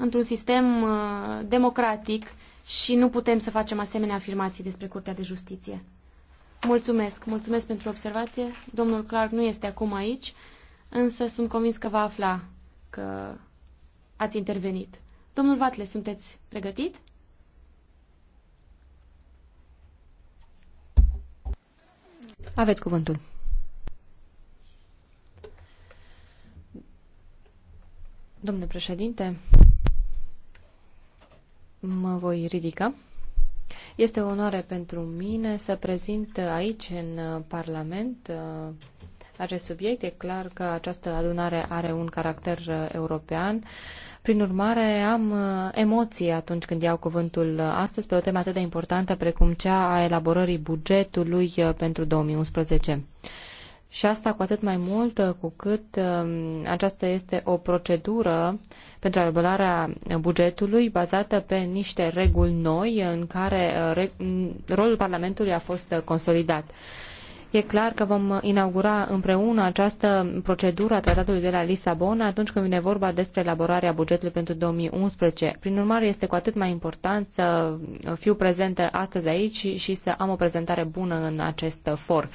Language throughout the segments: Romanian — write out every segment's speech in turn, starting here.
într-un sistem uh, democratic și nu putem să facem asemenea afirmații despre Curtea de Justiție. Mulțumesc, mulțumesc pentru observație. Domnul Clark nu este acum aici, însă sunt convins că va afla că ați intervenit. Domnul Vatle, sunteți pregătit? Aveți cuvântul. Domnule președinte, Mă voi ridica. Este o onoare pentru mine să prezint aici, în Parlament, acest subiect. E clar că această adunare are un caracter european. Prin urmare, am emoții atunci când iau cuvântul astăzi pe o temă atât de importantă precum cea a elaborării bugetului pentru 2011. Și asta cu atât mai mult uh, cu cât um, aceasta este o procedură pentru elaborarea bugetului bazată pe niște reguli noi în care uh, rolul Parlamentului a fost uh, consolidat. E clar că vom inaugura împreună această procedură a tratatului de la Lisabona atunci când vine vorba despre elaborarea bugetului pentru 2011. Prin urmare, este cu atât mai important să fiu prezentă astăzi aici și să am o prezentare bună în acest for.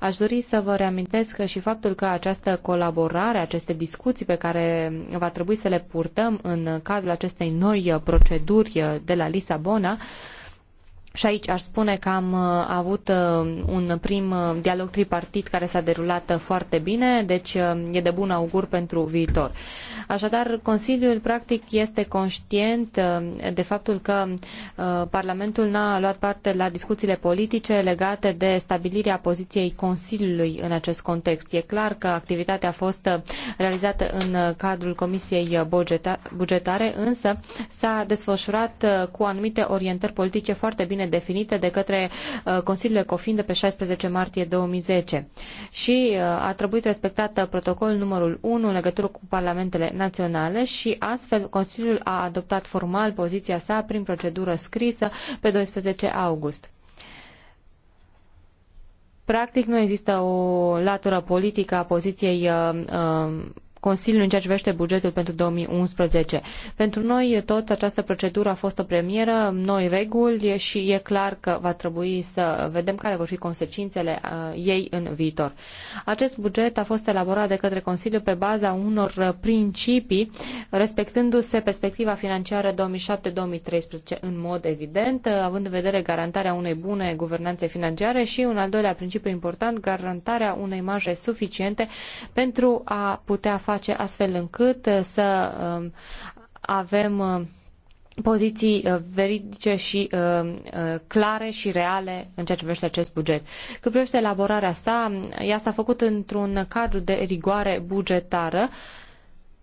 Aș dori să vă reamintesc și faptul că această colaborare, aceste discuții pe care va trebui să le purtăm în cadrul acestei noi proceduri de la Lisabona, și aici aș spune că am uh, avut uh, un prim uh, dialog tripartit care s-a derulat foarte bine, deci e de bun augur pentru viitor. Așadar, Consiliul practic este conștient de faptul că Parlamentul n-a luat parte la discuțiile politice legate de stabilirea poziției Consiliului în acest context. E clar că activitatea a fost realizată în cadrul Comisiei Bugetare, însă s-a desfășurat cu anumite orientări politice foarte bine definite de către uh, Consiliul Ecofin de pe 16 martie 2010 și uh, a trebuit respectată uh, protocolul numărul 1 în legătură cu parlamentele naționale și astfel Consiliul a adoptat formal poziția sa prin procedură scrisă pe 12 august. Practic nu există o latură politică a poziției uh, uh, Consiliul în ceea ce vește bugetul pentru 2011. Pentru noi toți această procedură a fost o premieră, noi reguli și e clar că va trebui să vedem care vor fi consecințele uh, ei în viitor. Acest buget a fost elaborat de către Consiliu pe baza unor principii, respectându-se perspectiva financiară 2007-2013 în mod evident, uh, având în vedere garantarea unei bune guvernanțe financiare și un al doilea principiu important, garantarea unei marje suficiente pentru a putea face astfel încât uh, să um, avem uh, poziții uh, veridice și clare și reale în ceea ce privește acest buget. Cât privește elaborarea sa, ea s-a făcut într-un cadru de rigoare bugetară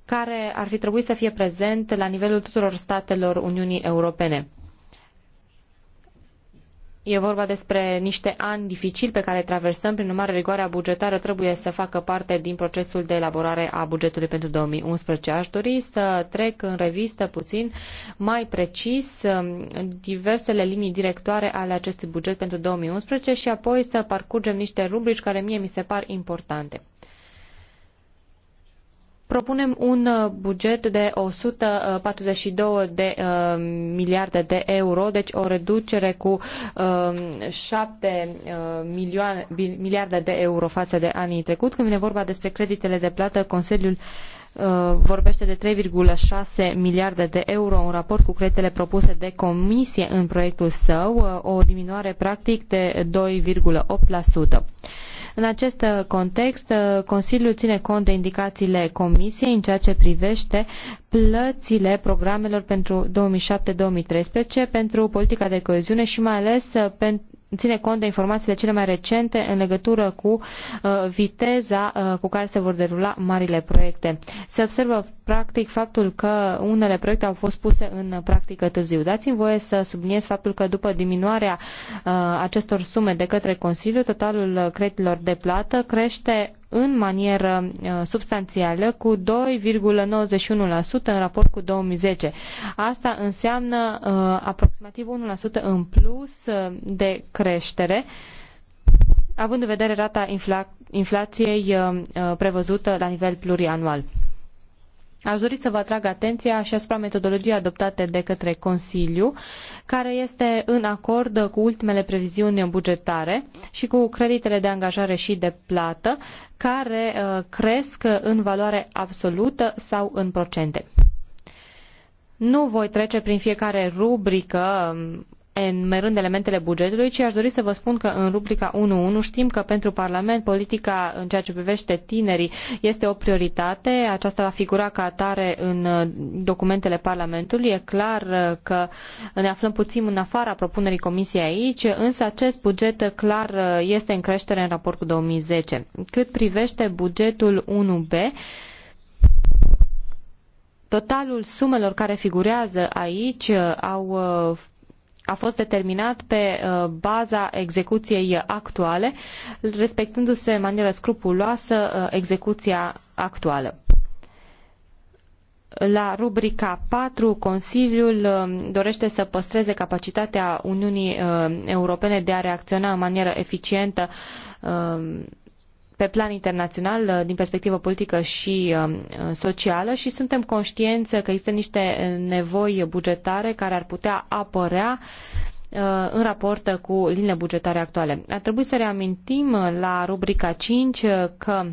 care ar fi trebuit să fie prezent la nivelul tuturor statelor Uniunii Europene. E vorba despre niște ani dificili pe care traversăm, prin urmare rigoarea bugetară trebuie să facă parte din procesul de elaborare a bugetului pentru 2011. Aș dori să trec în revistă puțin mai precis um, diversele linii directoare ale acestui buget pentru 2011 și apoi să parcurgem niște rubrici care mie mi se par importante propunem un uh, buget de 142 de uh, miliarde de euro, deci o reducere cu uh, um, 7 uh, milioane, miliarde de euro față de anii trecut. Când vine vorba despre creditele de plată, Consiliul uh, Uh, vorbește de 3,6 miliarde de euro în raport cu creditele propuse de comisie în proiectul său, uh, o diminuare practic de 2,8%. În acest uh, context, Consiliul ține cont de indicațiile Comisiei în ceea ce privește plățile programelor pentru 2007-2013 pentru politica de coeziune și mai ales ține cont de informațiile cele mai recente în legătură cu uh, viteza uh, cu care se vor derula marile proiecte. Se observă practic faptul că unele proiecte au fost puse în practică târziu. Dați-mi voie să subliniez faptul că după diminuarea uh, acestor sume de către Consiliu, totalul creditelor de plată crește în manieră uh, substanțială cu 2,91% în raport cu 2010. Asta înseamnă uh, aproximativ 1% în plus uh, de creștere având în vedere rata infla- inflației prevăzută la nivel plurianual. Aș dori să vă atrag atenția și asupra metodologiei adoptate de către Consiliu, care este în acord cu ultimele previziuni bugetare și cu creditele de angajare și de plată, care uh, cresc în valoare absolută sau în procente. Nu voi trece prin fiecare rubrică um, enumerând elementele bugetului, ci aș dori să vă spun că în rubrica 1.1 știm că pentru Parlament politica în ceea ce privește tinerii este o prioritate. Aceasta va figura ca atare în uh, documentele Parlamentului. E clar uh, că ne aflăm puțin în afara propunerii Comisiei aici, însă acest buget uh, clar este în creștere în raport cu 2010. Cât privește bugetul 1B, Totalul sumelor care figurează aici au a fost determinat pe uh, baza execuției actuale, respectându-se în manieră scrupuloasă uh, execuția actuală. La rubrica 4, Consiliul uh, dorește să păstreze capacitatea Uniunii Europene de a reacționa în manieră eficientă pe plan internațional, uh, din perspectivă politică și um, uh, socială și suntem conștienți că există niște uh, nevoi bugetare care ar putea apărea în raport cu liniile bugetare actuale. Ar trebui să reamintim la rubrica 5 că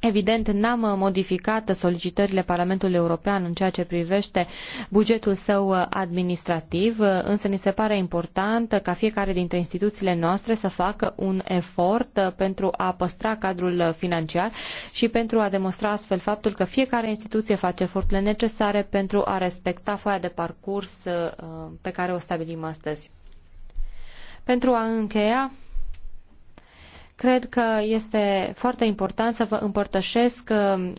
Evident, n-am uh, modificat solicitările Parlamentului European în ceea ce privește bugetul său uh, administrativ, uh, însă mi se pare important ca fiecare dintre instituțiile noastre să facă un efort pentru a păstra cadrul financiar și pentru a demonstra astfel faptul că fiecare instituție face eforturile necesare pentru a respecta foaia de parcurs pe care o stabilim astăzi. Pentru a încheia, Cred că este foarte important să vă împărtășesc um,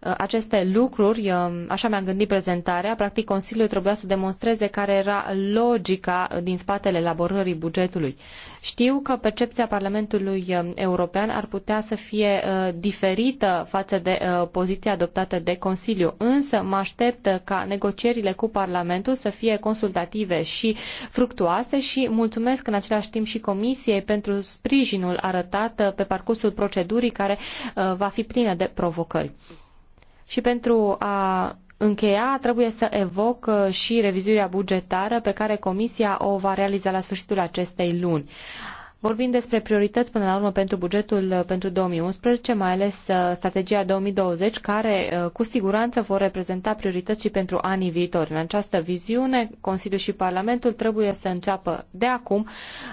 aceste lucruri, așa mi-am gândit prezentarea, practic Consiliul trebuia să demonstreze care era logica din spatele elaborării bugetului. Știu că percepția Parlamentului European ar putea să fie diferită față de poziția adoptată de Consiliu, însă mă aștept ca negocierile cu Parlamentul să fie consultative și fructuoase și mulțumesc în același timp și Comisiei pentru sprijinul arătat pe parcursul procedurii care va fi plină de provocări. Și pentru a încheia, trebuie să evoc uh, și revizuirea bugetară pe care Comisia o va realiza la sfârșitul acestei luni. Vorbim despre priorități până la urmă pentru bugetul uh, pentru 2011, mai ales uh, strategia 2020, care uh, cu siguranță vor reprezenta priorități și pentru anii viitori. În această viziune, Consiliul și Parlamentul trebuie să înceapă de acum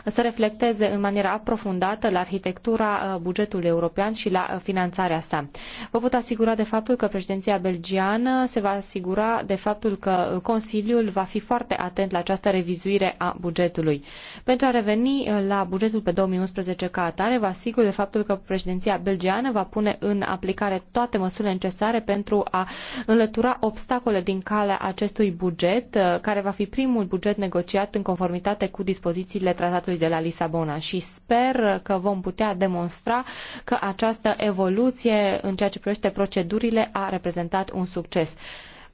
să reflecteze în maniera aprofundată la arhitectura bugetului european și la finanțarea sa. Vă pot asigura de faptul că președinția belgiană se va asigura de faptul că Consiliul va fi foarte atent la această revizuire a bugetului. Pentru a reveni la bugetul bugetul pe 2011 ca atare, vă asigur de faptul că președinția belgiană va pune în aplicare toate măsurile necesare pentru a înlătura obstacole din calea acestui buget, uh, care va fi primul buget negociat în conformitate cu dispozițiile tratatului de la Lisabona și sper că vom putea demonstra că această evoluție în ceea ce privește procedurile a reprezentat un succes.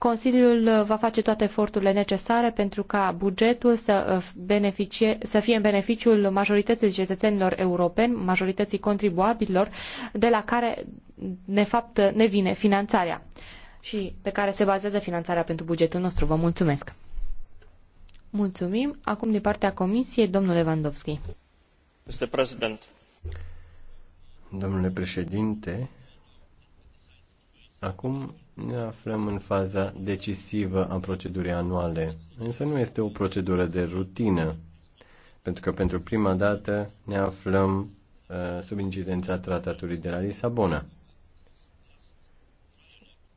Consiliul uh, va face toate eforturile necesare pentru ca bugetul să, uh, beneficie, să fie în beneficiul majorității cetățenilor europeni, majorității contribuabililor, de la care, de fapt, uh, ne vine finanțarea și pe care se bazează finanțarea pentru bugetul nostru. Vă mulțumesc! Mulțumim. Acum, din partea Comisiei, domnul Lewandowski. Este prezident. Domnule președinte, acum ne aflăm în faza decisivă a procedurii anuale, însă nu este o procedură de rutină, pentru că pentru prima dată ne aflăm uh, sub incidența tratatului de la Lisabona.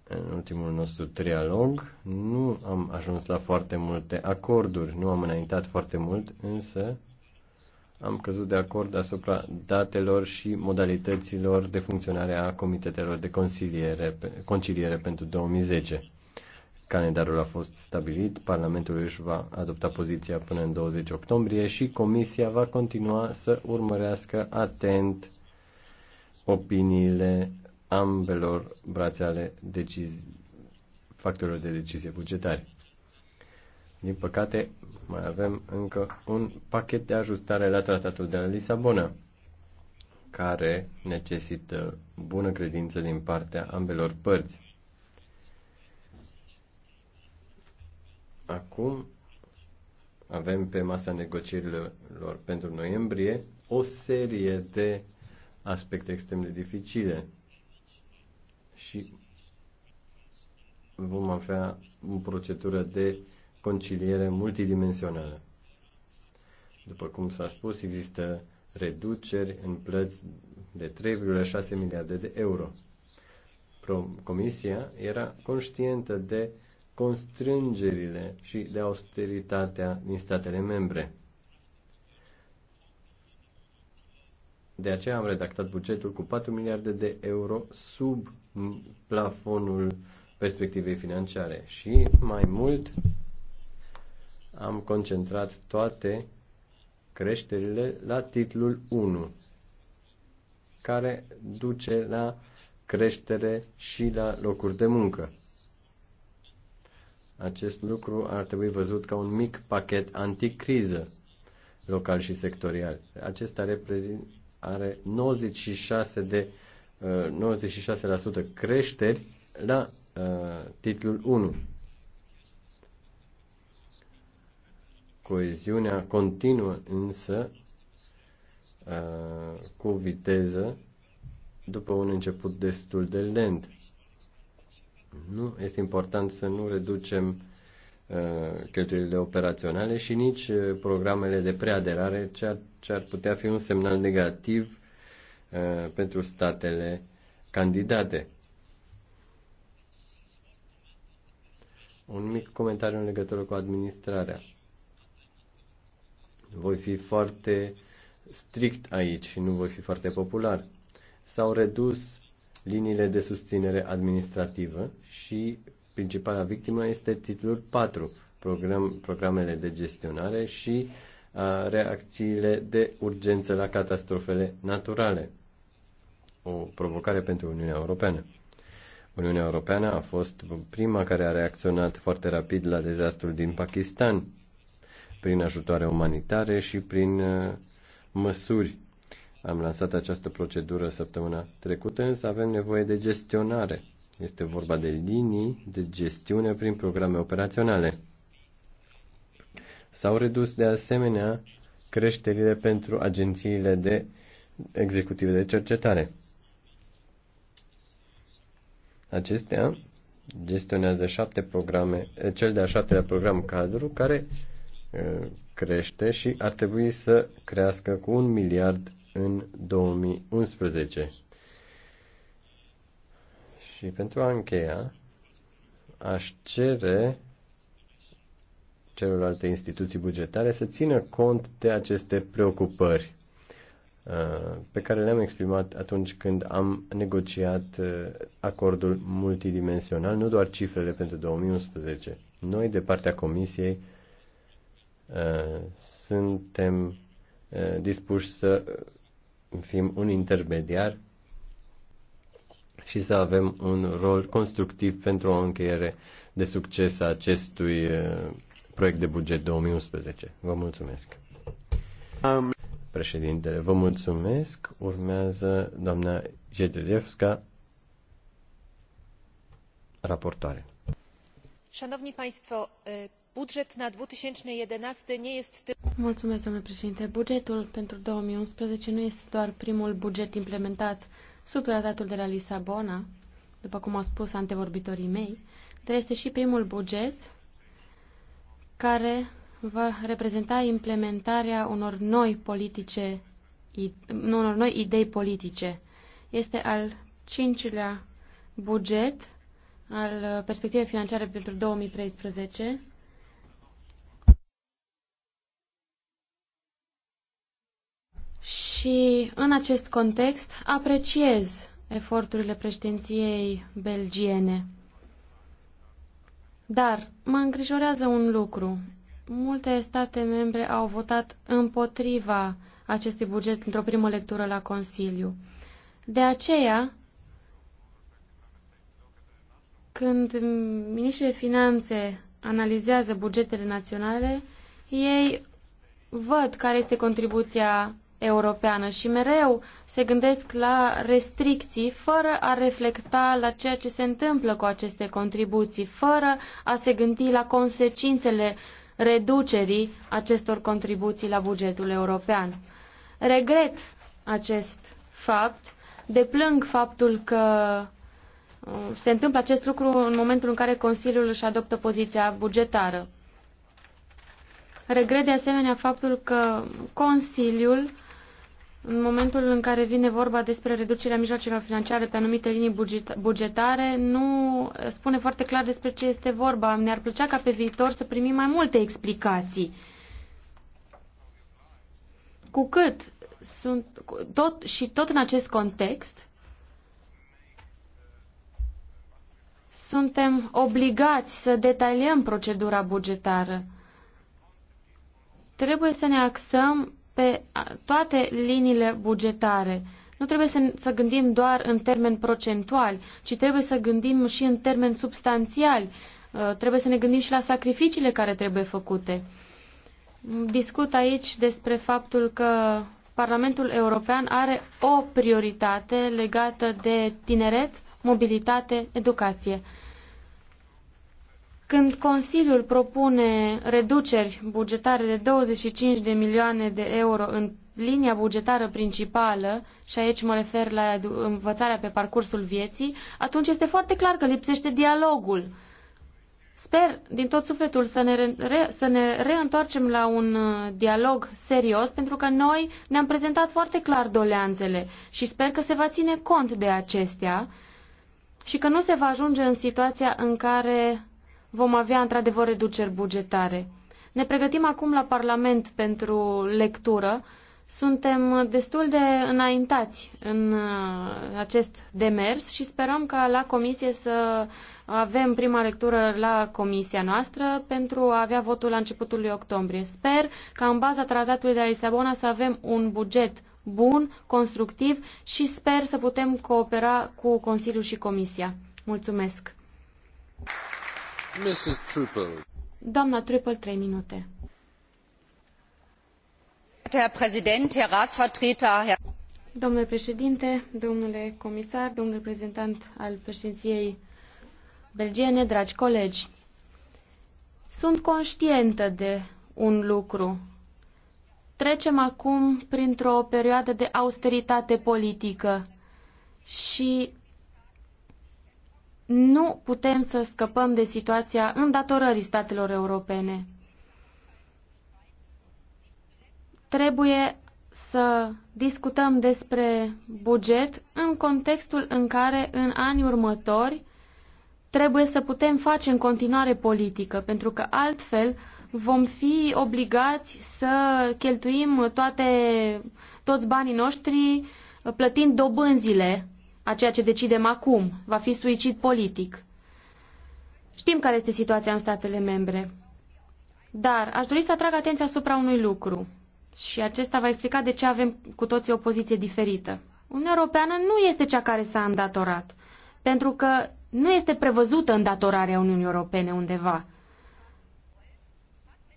În ultimul nostru trialog nu am ajuns la foarte multe acorduri, nu am înaintat foarte mult, însă am căzut de acord asupra datelor și modalităților de funcționare a comitetelor de conciliere, conciliere pentru 2010. Calendarul a fost stabilit, Parlamentul își va adopta poziția până în 20 octombrie și Comisia va continua să urmărească atent opiniile ambelor brațe ale decizi, factorilor de decizie bugetare. Din păcate, mai avem încă un pachet de ajustare la tratatul de la Lisabona, care necesită bună credință din partea ambelor părți. Acum avem pe masa negocierilor pentru noiembrie o serie de aspecte extrem de dificile și vom avea o procedură de conciliere multidimensională. După cum s-a spus, există reduceri în plăți de 3,6 miliarde de euro. Comisia era conștientă de constrângerile și de austeritatea din statele membre. De aceea am redactat bugetul cu 4 miliarde de euro sub plafonul perspectivei financiare și mai mult am concentrat toate creșterile la titlul 1, care duce la creștere și la locuri de muncă. Acest lucru ar trebui văzut ca un mic pachet anticriză local și sectorial. Acesta are 96 de 96% uh, creșteri la uh, titlul 1. Coeziunea continuă însă cu viteză după un început destul de lent. Nu este important să nu reducem cheltuielile operaționale și nici programele de preaderare, ce ar putea fi un semnal negativ pentru statele candidate. Un mic comentariu în legătură cu administrarea voi fi foarte strict aici și nu voi fi foarte popular. S-au redus liniile de susținere administrativă și principala victimă este titlul 4, program, programele de gestionare și a, reacțiile de urgență la catastrofele naturale. O provocare pentru Uniunea Europeană. Uniunea Europeană a fost prima care a reacționat foarte rapid la dezastrul din Pakistan prin ajutoare umanitare și prin uh, măsuri. Am lansat această procedură săptămâna trecută, însă avem nevoie de gestionare. Este vorba de linii de gestiune prin programe operaționale. S-au redus de asemenea creșterile pentru agențiile de executive de cercetare. Acestea gestionează șapte programe, cel de-a șaptelea program cadru, care crește și ar trebui să crească cu un miliard în 2011. Și pentru a încheia, aș cere celorlalte instituții bugetare să țină cont de aceste preocupări pe care le-am exprimat atunci când am negociat acordul multidimensional, nu doar cifrele pentru 2011. Noi, de partea Comisiei, suntem eh, dispuși să fim un intermediar și să avem un rol constructiv pentru o încheiere de succes a acestui eh, proiect de buget 2011. Vă mulțumesc. Um. Președintele, vă mulțumesc. Urmează doamna Jedrzejewska, raportoare. Szanowni Państwo, budżet na dwa domnule președinte. Bugetul pentru 2011 nu este doar primul buget implementat sub tratatul de la Lisabona, după cum au spus antevorbitorii mei, dar este și primul buget care va reprezenta implementarea unor noi politice, unor noi idei politice. Este al cincilea buget al perspectivei financiare pentru 2013 Și în acest context apreciez eforturile președinției belgiene. Dar mă îngrijorează un lucru. Multe state membre au votat împotriva acestui buget într-o primă lectură la Consiliu. De aceea, când ministrii de finanțe analizează bugetele naționale, ei văd care este contribuția europeană și mereu se gândesc la restricții fără a reflecta la ceea ce se întâmplă cu aceste contribuții, fără a se gândi la consecințele reducerii acestor contribuții la bugetul european. Regret acest fapt, deplâng faptul că uh, se întâmplă acest lucru în momentul în care Consiliul își adoptă poziția bugetară. Regret de asemenea faptul că Consiliul în momentul în care vine vorba despre reducerea mijloacelor financiare pe anumite linii bugetare, nu spune foarte clar despre ce este vorba. Ne-ar plăcea ca pe viitor să primim mai multe explicații. Cu cât sunt tot și tot în acest context suntem obligați să detaliem procedura bugetară. Trebuie să ne axăm pe toate liniile bugetare. Nu trebuie să, să gândim doar în termeni procentuali, ci trebuie să gândim și în termeni substanțiali. Uh, trebuie să ne gândim și la sacrificiile care trebuie făcute. Discut aici despre faptul că Parlamentul European are o prioritate legată de tineret, mobilitate, educație. Când Consiliul propune reduceri bugetare de 25 de milioane de euro în linia bugetară principală, și aici mă refer la învățarea pe parcursul vieții, atunci este foarte clar că lipsește dialogul. Sper din tot sufletul să ne, re, să ne reîntoarcem la un uh, dialog serios, pentru că noi ne-am prezentat foarte clar doleanțele și sper că se va ține cont de acestea și că nu se va ajunge în situația în care vom avea într-adevăr reduceri bugetare. Ne pregătim acum la Parlament pentru lectură. Suntem destul de înaintați în uh, acest demers și sperăm ca la comisie să avem prima lectură la comisia noastră pentru a avea votul la începutul lui octombrie. Sper ca în baza tratatului de la Lisabona să avem un buget bun, constructiv și sper să putem coopera cu Consiliul și Comisia. Mulțumesc! Mrs. Truppel. Doamna Triple, minute. Herr Präsident, Herr Ratsvertreter, Herr... Domnule președinte, domnule comisar, domnule reprezentant al președinției belgiene, dragi colegi, sunt conștientă de un lucru. Trecem acum printr-o perioadă de austeritate politică și nu putem să scăpăm de situația îndatorării statelor europene. Trebuie să discutăm despre buget în contextul în care în anii următori trebuie să putem face în continuare politică, pentru că altfel vom fi obligați să cheltuim toate, toți banii noștri plătind dobânzile a ceea ce decidem acum. Va fi suicid politic. Știm care este situația în statele membre. Dar aș dori să atrag atenția asupra unui lucru. Și acesta va explica de ce avem cu toții o poziție diferită. Uniunea Europeană nu este cea care s-a îndatorat. Pentru că nu este prevăzută îndatorarea Uniunii Europene undeva.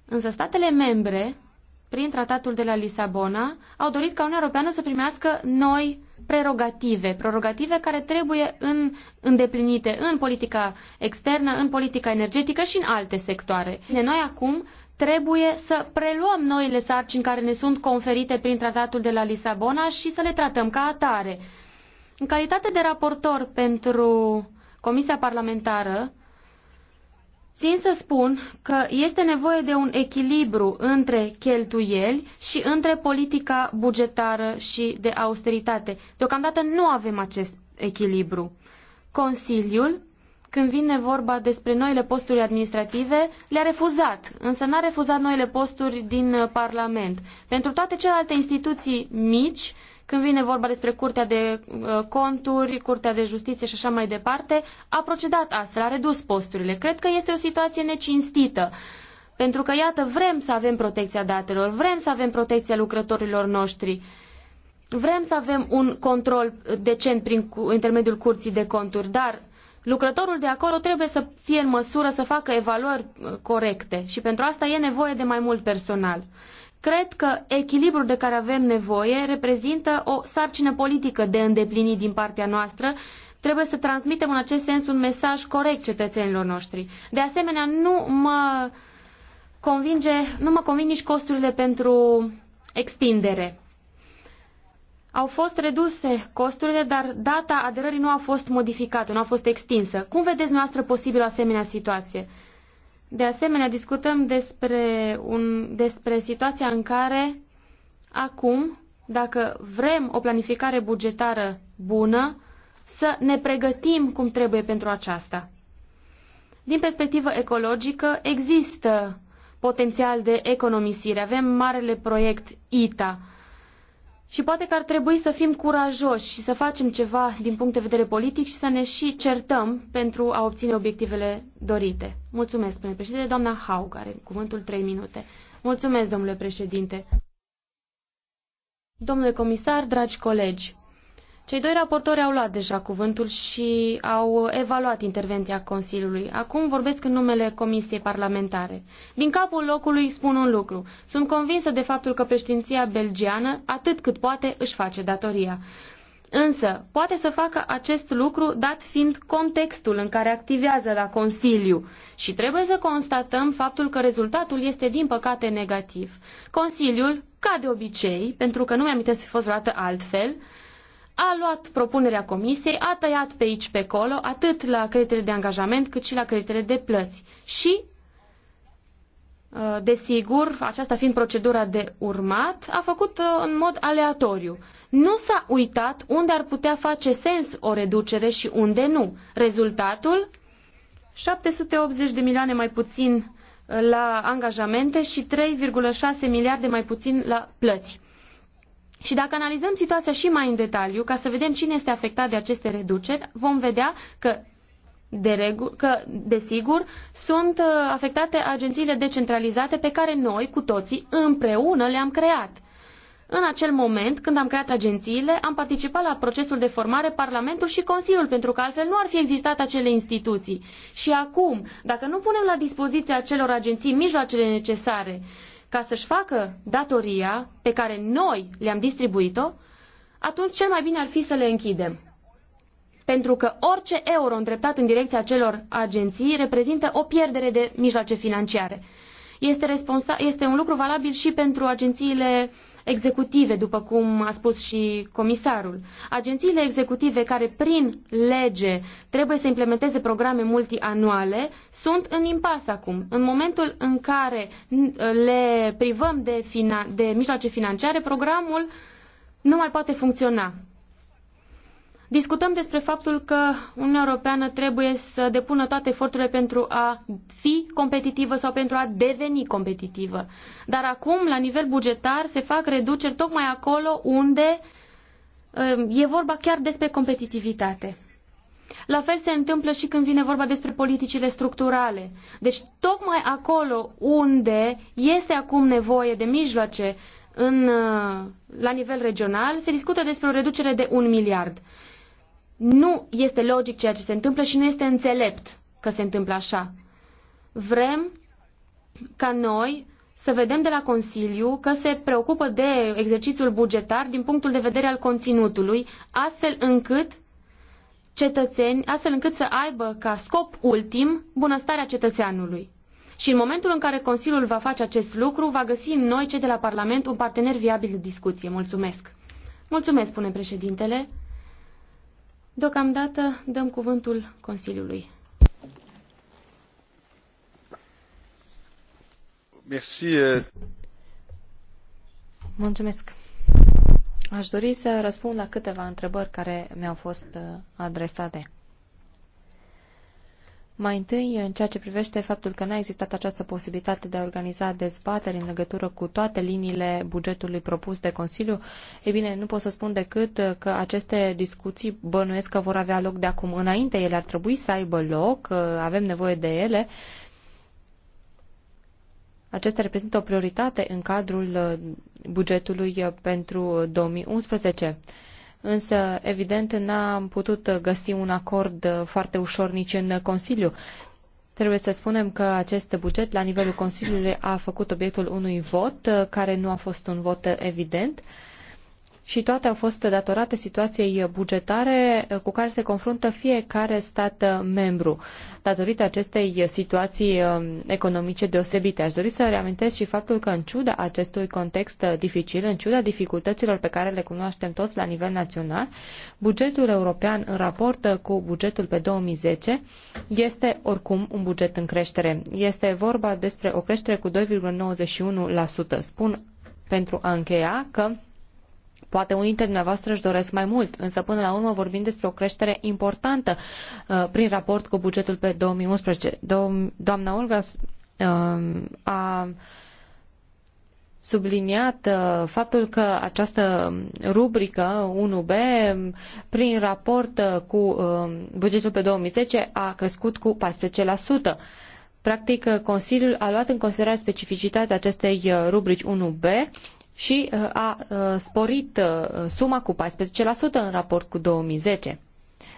Însă statele membre, prin tratatul de la Lisabona, au dorit ca Uniunea Europeană să primească noi prerogative, prerogative care trebuie în, îndeplinite în politica externă, în politica energetică și în alte sectoare. De noi acum trebuie să preluăm noile sarcini care ne sunt conferite prin tratatul de la Lisabona și să le tratăm ca atare. În calitate de raportor pentru Comisia Parlamentară Țin să spun că este nevoie de un echilibru între cheltuieli și între politica bugetară și de austeritate. Deocamdată nu avem acest echilibru. Consiliul, când vine vorba despre noile posturi administrative, le-a refuzat, însă n-a refuzat noile posturi din uh, Parlament. Pentru toate celelalte instituții mici, când vine vorba despre Curtea de uh, Conturi, Curtea de Justiție și așa mai departe, a procedat astfel, a redus posturile. Cred că este o situație necinstită. Pentru că, iată, vrem să avem protecția datelor, vrem să avem protecția lucrătorilor noștri, vrem să avem un control decent prin intermediul curții de conturi, dar lucrătorul de acolo trebuie să fie în măsură să facă evaluări uh, corecte și pentru asta e nevoie de mai mult personal. Cred că echilibrul de care avem nevoie reprezintă o sarcină politică de îndeplinit din partea noastră. Trebuie să transmitem în acest sens un mesaj corect cetățenilor noștri. De asemenea, nu mă convinge, nu mă convin nici costurile pentru extindere. Au fost reduse costurile, dar data aderării nu a fost modificată, nu a fost extinsă. Cum vedeți noastră posibil o asemenea situație? De asemenea, discutăm despre, un, despre situația în care acum, dacă vrem o planificare bugetară bună, să ne pregătim cum trebuie pentru aceasta. Din perspectivă ecologică, există potențial de economisire. Avem marele proiect ITA, și poate că ar trebui să fim curajoși și să facem ceva din punct de vedere politic și să ne și certăm pentru a obține obiectivele dorite. Mulțumesc, spune președinte. Doamna Haug are cuvântul 3 minute. Mulțumesc, domnule președinte. Domnule comisar, dragi colegi, cei doi raportori au luat deja cuvântul și au evaluat intervenția Consiliului. Acum vorbesc în numele Comisiei Parlamentare. Din capul locului spun un lucru. Sunt convinsă de faptul că președinția belgiană, atât cât poate, își face datoria. Însă, poate să facă acest lucru dat fiind contextul în care activează la Consiliu și trebuie să constatăm faptul că rezultatul este din păcate negativ. Consiliul, ca de obicei, pentru că nu mi-am să fi fost vreodată altfel, a luat propunerea comisiei, a tăiat pe aici, pe acolo, atât la creditele de angajament, cât și la creditele de plăți. Și, uh, desigur, aceasta fiind procedura de urmat, a făcut uh, în mod aleatoriu. Nu s-a uitat unde ar putea face sens o reducere și unde nu. Rezultatul? 780 de milioane mai puțin uh, la angajamente și 3,6 miliarde mai puțin la plăți. Și dacă analizăm situația și mai în detaliu, ca să vedem cine este afectat de aceste reduceri, vom vedea că de regu- că, desigur, sunt uh, afectate agențiile decentralizate pe care noi, cu toții, împreună le-am creat. În acel moment, când am creat agențiile, am participat la procesul de formare Parlamentul și Consiliul, pentru că altfel nu ar fi existat acele instituții. Și acum, dacă nu punem la dispoziția acelor agenții mijloacele necesare, ca să-și facă datoria pe care noi le-am distribuit-o, atunci cel mai bine ar fi să le închidem. Pentru că orice euro îndreptat în direcția acelor agenții reprezintă o pierdere de mijloace financiare este, este un lucru valabil și pentru agențiile executive, după cum a spus și comisarul. Agențiile executive care prin lege trebuie să implementeze programe multianuale sunt în impas acum. În momentul în care le privăm de, de mijloace financiare, programul nu mai poate funcționa. Discutăm despre faptul că Uniunea Europeană trebuie să depună toate eforturile pentru a fi competitivă sau pentru a deveni competitivă. Dar acum, la nivel bugetar, se fac reduceri tocmai acolo unde um, e vorba chiar despre competitivitate. La fel se întâmplă și când vine vorba despre politicile structurale. Deci tocmai acolo unde este acum nevoie de mijloace în, uh, la nivel regional, se discută despre o reducere de un miliard. Nu este logic ceea ce se întâmplă și nu este înțelept că se întâmplă așa. Vrem ca noi să vedem de la Consiliu că se preocupă de exercițiul bugetar din punctul de vedere al conținutului, astfel încât cetățeni, astfel încât să aibă ca scop ultim bunăstarea cetățeanului. Și în momentul în care Consiliul va face acest lucru, va găsi în noi, cei de la Parlament, un partener viabil de discuție. Mulțumesc! Mulțumesc, spune președintele. Deocamdată dăm cuvântul Consiliului. Merci. Eh. Mulțumesc. Aș dori să răspund la câteva întrebări care mi-au fost eh, adresate. Mai întâi, în ceea ce privește faptul că n-a existat această posibilitate de a organiza dezbateri în legătură cu toate liniile bugetului propus de Consiliu, e bine, nu pot să spun decât că aceste discuții bănuiesc că vor avea loc de acum înainte. Ele ar trebui să aibă loc, avem nevoie de ele. Acestea reprezintă o prioritate în cadrul bugetului pentru 2011 însă evident n-am putut găsi un acord foarte ușor nici în Consiliu. Trebuie să spunem că acest buget la nivelul Consiliului a făcut obiectul unui vot care nu a fost un vot evident, și toate au fost datorate situației bugetare cu care se confruntă fiecare stat membru. Datorită acestei situații um, economice deosebite, aș dori să reamintesc și faptul că în ciuda acestui context dificil, în ciuda dificultăților pe care le cunoaștem toți la nivel național, bugetul european în raport cu bugetul pe 2010 este oricum un buget în creștere. Este vorba despre o creștere cu 2,91%. Spun pentru a încheia că Poate unii dintre dumneavoastră își doresc mai mult, însă până la urmă vorbim despre o creștere importantă uh, prin raport cu bugetul pe 2011. Do- doamna Olga uh, a subliniat uh, faptul că această rubrică 1B, prin raport uh, cu uh, bugetul pe 2010, a crescut cu 14%. Practic, uh, Consiliul a luat în considerare specificitatea acestei uh, rubrici 1B și uh, a uh, sporit uh, suma cu 14% în raport cu 2010.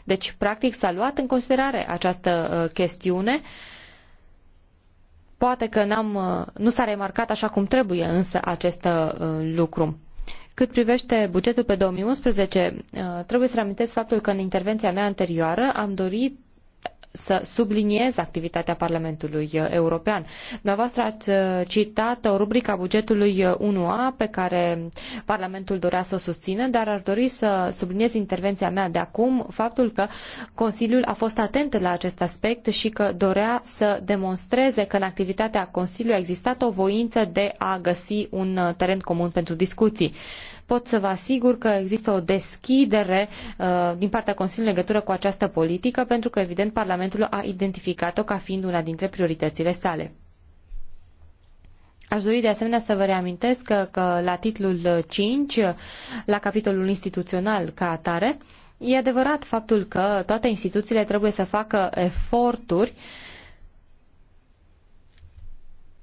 Deci, practic, s-a luat în considerare această chestiune. Poate că n-am, nu s-a remarcat așa cum trebuie însă acest lucru. Cât privește bugetul pe 2011, trebuie să reamintesc faptul că în intervenția mea anterioară am dorit să subliniez activitatea Parlamentului uh, European. Dumneavoastră ați uh, citat o rubrică a bugetului 1A uh, pe care Parlamentul dorea să o susțină, dar ar dori să subliniez intervenția mea de acum faptul că Consiliul a fost atent la acest aspect și că dorea să demonstreze că în activitatea Consiliului a existat o voință de a găsi un teren comun pentru discuții pot să vă asigur că există o deschidere uh, din partea Consiliului în legătură cu această politică, pentru că, evident, Parlamentul a identificat-o ca fiind una dintre prioritățile sale. Aș dori de asemenea să vă reamintesc că, că la titlul 5, la capitolul instituțional ca atare, e adevărat faptul că toate instituțiile trebuie să facă eforturi uh,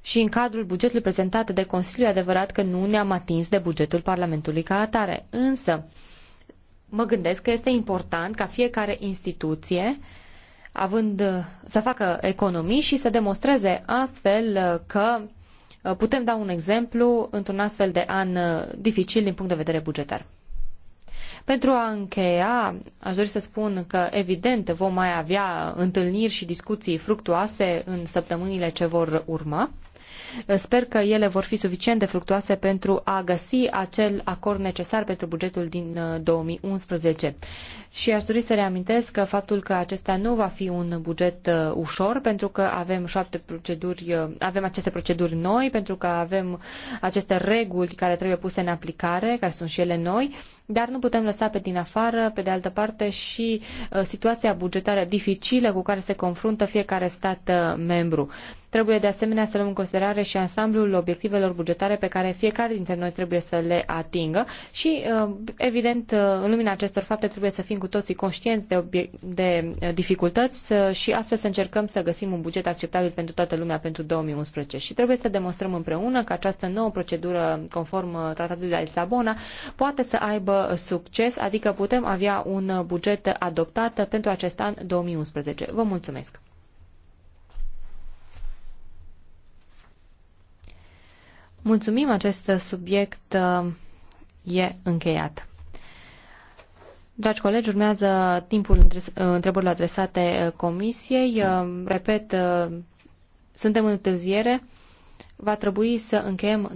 și în cadrul bugetului prezentat de Consiliu, e adevărat că nu ne-am atins de bugetul Parlamentului ca atare. Însă, mă gândesc că este important ca fiecare instituție având să facă economii și să demonstreze astfel că uh, putem da un exemplu într-un astfel de an uh, dificil din punct de vedere bugetar. Pentru a încheia, aș dori să spun că, evident, vom mai avea întâlniri și discuții fructuoase în săptămânile ce vor urma. Sper că ele vor fi suficient de fructuoase pentru a găsi acel acord necesar pentru bugetul din 2011. Uh, și aș dori să reamintesc că faptul că acesta nu va fi un buget uh, ușor, pentru că avem șapte proceduri, uh, avem aceste proceduri noi, pentru că avem aceste reguli care trebuie puse în aplicare, care sunt și ele noi, dar nu putem lăsa pe din afară, pe de altă parte, și uh, situația bugetară dificilă cu care se confruntă fiecare stat uh, membru. Trebuie de asemenea să luăm în considerare și ansamblul obiectivelor bugetare pe care fiecare dintre noi trebuie să le atingă și, uh, evident, în lumina acestor fapte trebuie să fim cu toții conștienți de, de dificultăți și astfel să încercăm să găsim un buget acceptabil pentru toată lumea pentru 2011. Și trebuie să demonstrăm împreună că această nouă procedură conform Tratatului de la Lisabona poate să aibă succes, adică putem avea un buget adoptat pentru acest an 2011. Vă mulțumesc! Mulțumim, acest subiect uh, e încheiat. Dragi colegi, urmează timpul întrebărilor adresate uh, comisiei. Uh, repet, suntem în întârziere. Va trebui să încheiem